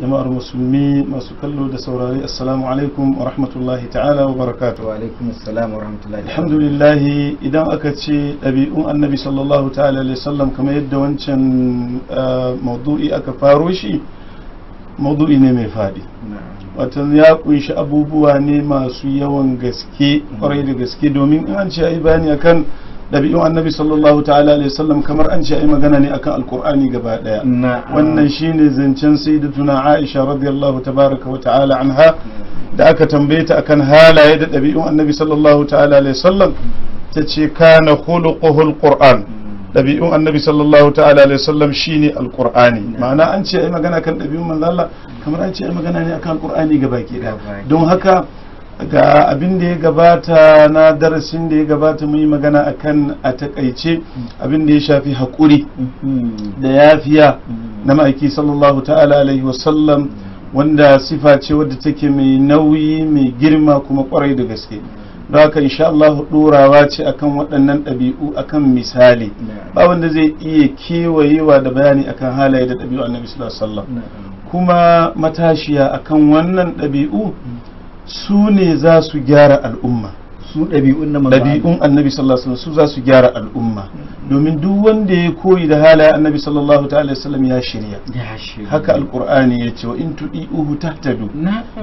jama'ar musulmi masu kallo da saurari assalamu alaikum wa rahmatullahi ta'ala wa barakatu wa alaikum assalam wa rahmatullahi alhamdulillah idan aka ce ɗabi'un annabi sallallahu ta'ala alaihi sallam kamar yadda wancan uh, maudu'i aka faro shi maudu'i ne mai faɗi watan ya kunshi abubuwa ne masu yawan gaske kwarai da gaske domin in an ce ai bani akan ɗabi'un annabi sallallahu ta'ala alaihi sallam kamar an ce ai magana ne akan alkur'ani gaba daya wannan shine zancen sayyidatuna aisha radiyallahu tabaraka wa ta'ala anha da aka tambaye ta akan halaye da ɗabi'un annabi sallallahu ta'ala alaihi sallam ta ce kana khuluquhu alquran ɗabi'un annabi sallallahu ta'ala alaihi sallam shine alqur'ani ma'ana an ce ai magana kan ɗabi'un manzo Allah kamar an ce ai magana ne akan alqur'ani gaba ki don haka ga abin da ya gabata na darasin da ya gabata mun yi magana akan a takaice abin da ya shafi haƙuri da yafiya na ma'aiki sallallahu ta'ala alaihi wasallam wanda sifa ce wadda take mai nauyi mai girma kuma kwarai da gaske don haka insha Allah ɗorawa ce akan waɗannan ɗabi'u akan misali ba wanda zai iya kewayewa da bayani akan halaye da ɗabi'u annabi sallallahu alaihi wasallam kuma matashiya akan wannan ɗabi'u su ne za su gyara al'umma su ɗabi'un annabi sallallahu alaihi su za su gyara al'umma domin duk wanda ya koyi da halayen annabi sallallahu ta'ala ya shirya haka alqur'ani ya ce wa in ta tahtadu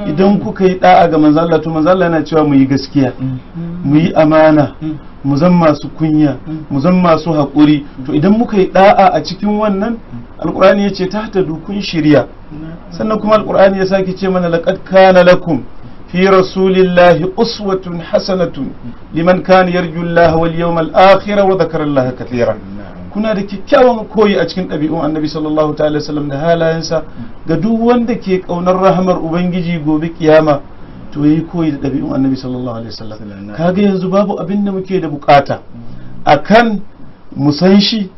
idan kuka yi da'a ga manzo to manzo Allah yana cewa mu yi gaskiya mm-hmm. mu yi amana mm-hmm. mu zan masu kunya mm-hmm. mu zan masu haƙuri to idan muka yi ɗa'a a cikin wannan alqur'ani ya ce tahtadu kun shirya sannan kuma alqur'ani ya sake ce mana laqad kana lakum في رسول الله أسوة حسنة لمن كان يرجو الله واليوم الآخر وذكر الله كثيرا kuna da kyakkyawan koyi a cikin ɗabi'un annabi sallallahu ta'ala sallam da halayensa ga duk wanda ke ƙaunar rahamar ubangiji gobe kiyama to yayi koyi da ɗabi'un annabi sallallahu alaihi wasallam kaga yanzu babu abin da muke da bukata akan mu san shi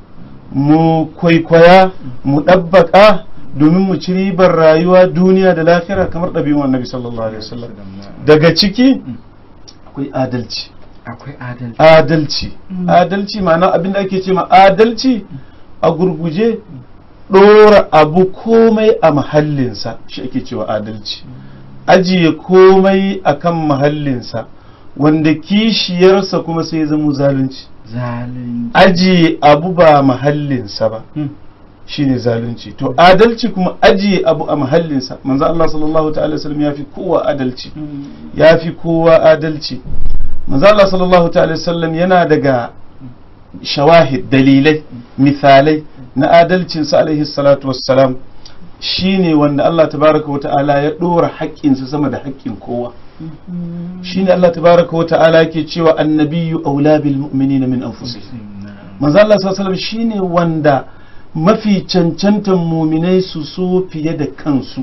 mu kwaikwaya mu ɗabbaƙa domin mu ci ribar rayuwa duniya da lafiya kamar ɗabi'un annabi sallallahu alaihi wasallam daga ciki akwai adalci akwai adalci mm. adalci ma'ana abin da ake ce ma adalci a gurguje ɗora abu komai a mahallinsa shi ake cewa adalci mm. ajiye komai a kan mahallinsa wanda kishiyarsa kuma sai zama zalunci ajiye abu ba mahallinsa ba mm. shine zalunci to adalci kuma ajiye abu a mahallinsa manzo Allah sallallahu ta'ala wasallam ya fi kowa adalci ya fi kowa adalci manzo Allah sallallahu ta'ala wasallam yana daga shawahid dalilai misalai na adalcin adalcinsa alaihi salatu wassalam shine wanda Allah tabaraka wa ta'ala ya dora haƙƙinsa sama da haƙƙin kowa shine Allah tabaraka wa ta'ala yake cewa annabiyyu aula bil mu'minina min anfusihim manzo Allah sallallahu alaihi wasallam shine wanda mafi cancantan muminai su so fiye da kansu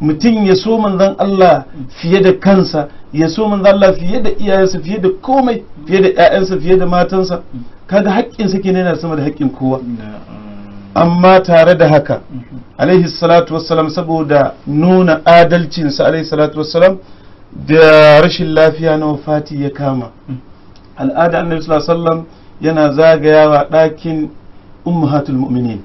mutum ya so manzan Allah fiye da kansa ya so manzan Allah fiye da iyayensa fiye da komai fiye da ƴaƴansa fiye da matansa kaga haƙƙinsa kenan yana sama da haƙƙin kowa amma tare da haka alaihi salatu wassalam saboda nuna adalcinsa alaihi salatu wassalam da rashin lafiya na wafati ya kama al'ada annabi sallallahu alaihi wasallam yana zagayawa ɗakin ummahatul mu'minin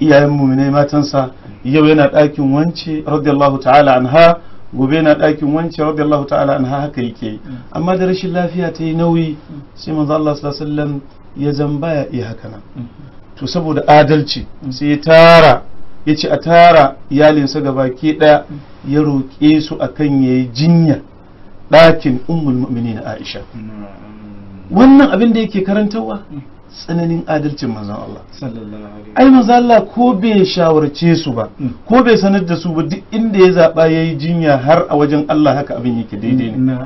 iyayen mu'minai matansa yau yana ɗakin wance radiyallahu ta'ala anha gobe yana ɗakin wance radiyallahu ta'ala anha haka yake mm. amma da rashin lafiya ta yi nauyi sai manzo Allah sallallahu alaihi wasallam ya zamba ya iya haka nan mm. to saboda adalci sai ya tara ya a tara iyalinsa gabaki ɗaya mm. ya roƙe su akan yayi jinya ɗakin ummul mu'minin Aisha wannan abin da yake karantarwa tsananin adalcin manzon Allah ai manzon Allah ko bai shawarce su ba mm. ko bai sanar da su ba duk inda ya zaɓa ya yi jinya har a wajen Allah haka abin yake daidai ne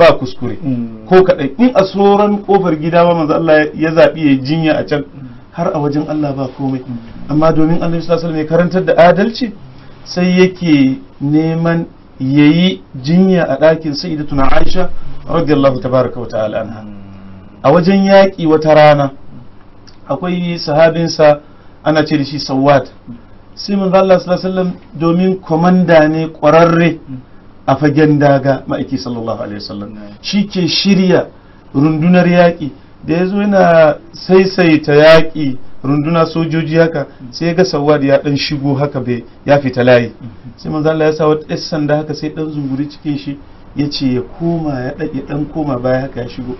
ba kuskure mm. ko kaɗai in a sauran kofar gida ba manzon Allah ya zabi yi jinya a can mm. har a wajen Allah ba komai amma domin Allah ya sa karantar da adalci sai yake neman ya yi jinya a ɗakin tuna Aisha radiyallahu tabaraka wa ta'ala anha a wajen yaƙi wata rana akwai sahabinsa ana ce da shi sawad sai Allah sallallahu domin komanda ne ƙwararre a fagen daga ma'aiki sallallahu alaihi wasallam shi ke shirya rundunar yaƙi da ya zo yana saisaita yaƙi runduna sojoji haka sai ya ga sawad ya dan shigo haka bai ya fita layi sai manzo Allah ya sa wata sanda haka sai dan zunguri cikin shi ya ce ya koma ya ɗan koma baya haka ya shigo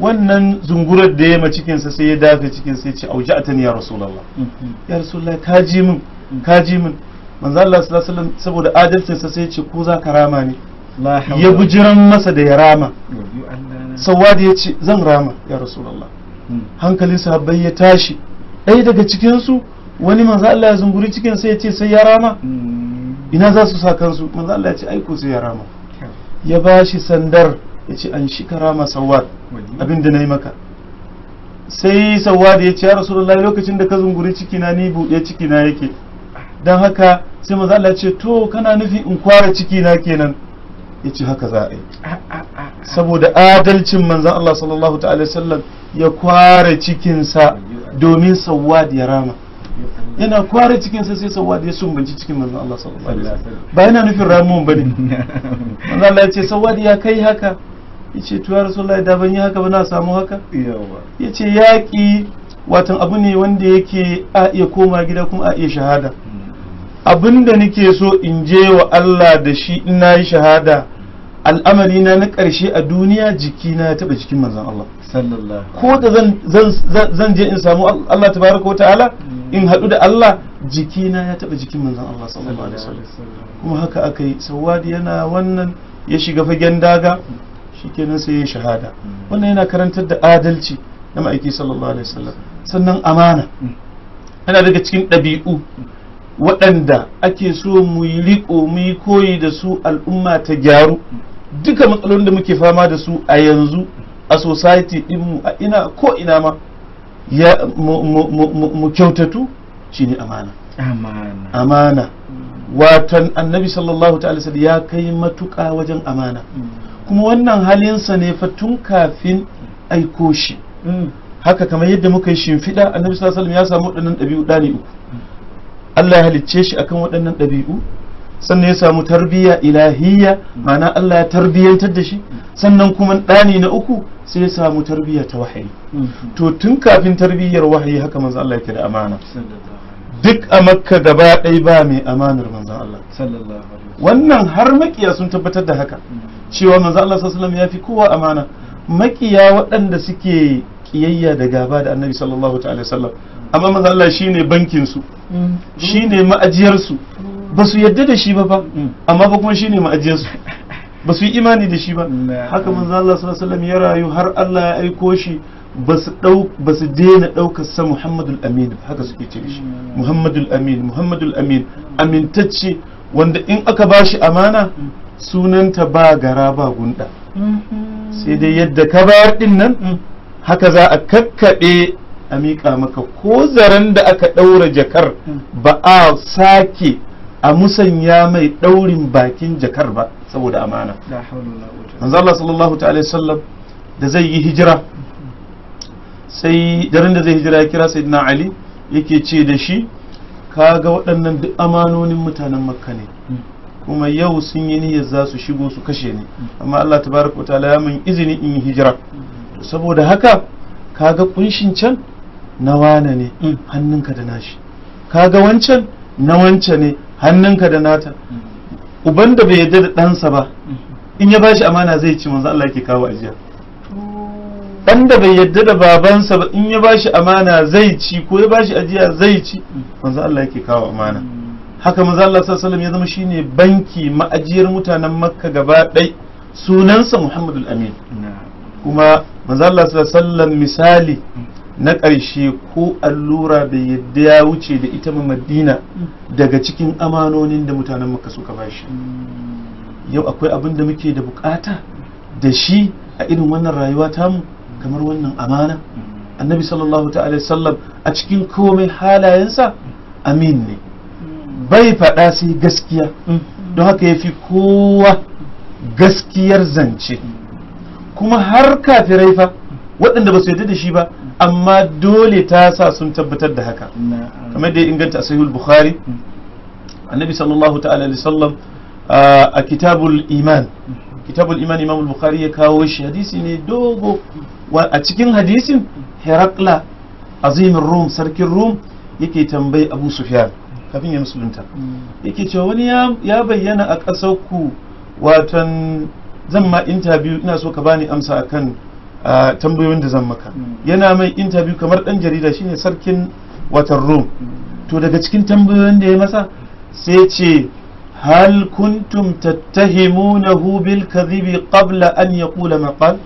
wannan zungurar da ya ma cikinsa sai ya dafe cikinsa ya ce auji a ya rasulallah mhm. ya rasulallah ka ji min ka ji min manzo Allah sallallahu alaihi saboda adalcinsa sai ya ce ko za ka rama ne ya bujiran masa da ya rama da ya ce zan rama ya rasulallah hmm. hankalin sahabbai ya tashi ɗaya daga cikinsu wani manzo Allah ya zunguri cikinsa ya ce sai ya rama hmm. ina za su sa kansu manzo Allah ya ce ai ko sai ya rama ya bashi sandar ya ce an shikara ma sawad abinda na yi maka sai sawad ya ce ya rasulullahi lokacin da ka zunguri cikina ni buɗe cikina yake don haka sai maza Allah ce to kana nufi in kwara cikina kenan ya ce haka za a yi saboda adalcin manzan Allah sallallahu ta'ala sallam ya kwara cikinsa domin sawad ya rama yana kware cikinsa sai sawadi ya sumbanci cikin manzan Allah sallallahu alaihi ba yana nufin ramuwan bane manzan Allah ya ce sawadi ya kai haka ya ce tuwa rasulullahi da ban yi haka ba na samu haka ya ce yaƙi watan abu ne wanda yake a iya koma gida kuma a iya shahada mm. abin da nake so in je wa Allah da shi ina yi shahada al'amari na na ƙarshe a duniya jiki ya taɓa jikin manzan Allah ko da zan je in samu Allah baraka wata ta'ala mm. in haɗu da Allah jikina ya taɓa jikin manzan Allah sallallahu alaihi wasallam kuma haka aka yi sawadi yana wannan ya shiga fagen daga mm. shikenan sai ya shahada wannan yana karantar da adalci na ma'aiki sallallahu alaihi wasallam sannan amana yana daga cikin ɗabi'u waɗanda ake so mu yi riko mu yi koyi da su al'umma ta gyaru duka matsalolin da muke fama da su a yanzu a society mu a ina ko ina ma ya mu kyautatu shine amana amana watan annabi sallallahu ta'ala ya kai matuƙa wajen amana mm. kuma wannan halinsa ne fa tun kafin aiko shi mm. haka kamar yadda muka yi shimfiɗa annabi sallallahu alaihi wasallam ya samu waɗannan ɗabi'u ɗani uku Allah ya halicce shi akan waɗannan ɗabi'u sannan ya samu tarbiyya ilahiyya ma'ana Allah ya tarbiyyantar da shi sannan kuma ɗani na uku sai ya samu tarbiyya ta wahayi mm. to tun kafin tarbiyyar wahayi haka manzo Allah ya da amana duk a makka gaba ɗaya ba mai amanar manzan Allah wannan har makiya sun tabbatar da haka cewa manzan Allah sallallahu ya fi kowa amana makiya waɗanda suke ƙiyayya da gaba da annabi sallallahu ta'ala sallam amma manzan Allah shine bankin su mm. shine ma'ajiyar su mm. ba su yadda da shi ba ba mm. amma ba kuma shine ma'ajiyar su ba su yi imani da shi ba haka manzan Allah sallallahu ya rayu har Allah ya aiko shi Basu su daina ɗaukar sa muhammadul amin haka suke ce shi muhammadul amin muhammadul amin amintacce wanda in aka ba shi amana sunanta ba gara ba gunda sai dai yadda ka ba din nan haka za a kakkaɓe a miƙa maka ko zaren da aka ɗaura jakar ba a sake a musanya mai ɗaurin bakin jakar ba saboda amana. da zai yi hijira sai daren da zai hijira ya kira sayyidina ali yake ce da shi kaga waɗannan duk amanonin mutanen makka ne kuma yau sun yi niyyar za su shigo su kashe ni amma Allah tabaraka wata ya min izini in yi hijira saboda haka kaga kunshin can na wane ne hannunka da nashi kaga wancan na wance ne hannunka da nata uban da bai yarda da ɗansa ba in ya ba bashi amana zai ci manzo Allah ke kawo ajiya dan bai yadda da babansa ba in ya bashi amana zai ci ko ya bashi ajiya zai ci manzo Allah yake kawo amana haka manzo Allah sallallahu alaihi wasallam ya zama shine banki ma'ajiyar mutanen Makka gaba ɗai sunansa Muhammadul Amin kuma manzo Allah sallallahu alaihi wasallam misali na ƙarshe ko allura da yadda ya wuce da ita ma madina daga cikin amanonin da mutanen Makka suka bashi yau akwai abin da muke da bukata da shi a irin wannan rayuwa tamu kamar wannan amana annabi sallallahu ta'ala sallam a cikin komai halayensa amin ne bai faɗa sai gaskiya don haka ya fi kowa gaskiyar zance kuma har kafirai fa waɗanda ba su yarda da shi ba amma dole ta sa sun tabbatar da haka kamar da ya inganta a sahihul bukhari annabi sallallahu ta'ala sallam a kitabul iman kitabul iman imam bukhari ya kawo shi hadisi ne dogo a cikin hadisin herakla azimin rum sarkin rum yake tambayi abu Sufiyar. kafin ya musulunta mm. yake cewa wani ya bayyana a ƙasar ku watan zan ma interview ina so ka bani amsa akan tambayoyin da zan maka mm. yana mai interview kamar dan jarida shine sarkin watan rum mm. to daga cikin tambayoyin da ya masa sai ce hal kuntum tattahimunahu bil kadhibi qabla an yaqula maqal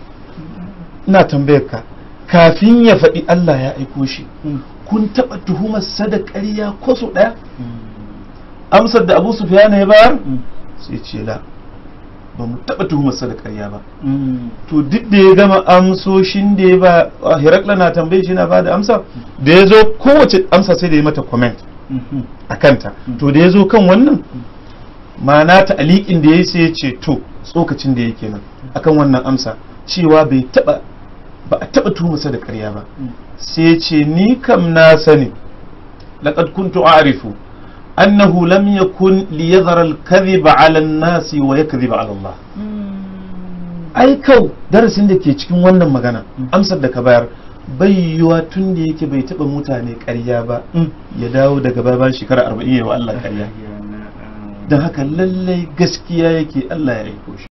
ina tambayar ka kafin ya faɗi Allah ya aiko shi hmm. kun taɓa tuhumar sadakar ƙarya kwaso ɗaya hmm. amsar da abu su na ya bayar hmm. sai ce la ba mu taɓa tuhumar sadakar ƙarya ba to duk da ya gama amsoshin da ya ba herakla na tambayar shi na ba da amsa da ya zo kowace amsa sai da ya mata comment a kanta to da ya zo kan wannan ma'ana ta aliƙin da ya yi sai ya ce to tsokacin da yake nan akan wannan amsa cewa bai taɓa ba a taɓa tumusa da ƙarya ba mm. sai ce ni kam na sani laqad kuntu a'rifu annahu lam yakun li yadhara al-kadhiba 'ala an-nasi wa yakdhiba 'ala Allah mm. ai kau darasin da ke cikin wannan magana mm. amsar da ka bayar bai yiwuwa tun da yake bai taɓa mutane ƙarya ba ya dawo daga bayan shekara arba'in yawa Allah ƙarya don haka lallai gaskiya yake Allah ya aiko shi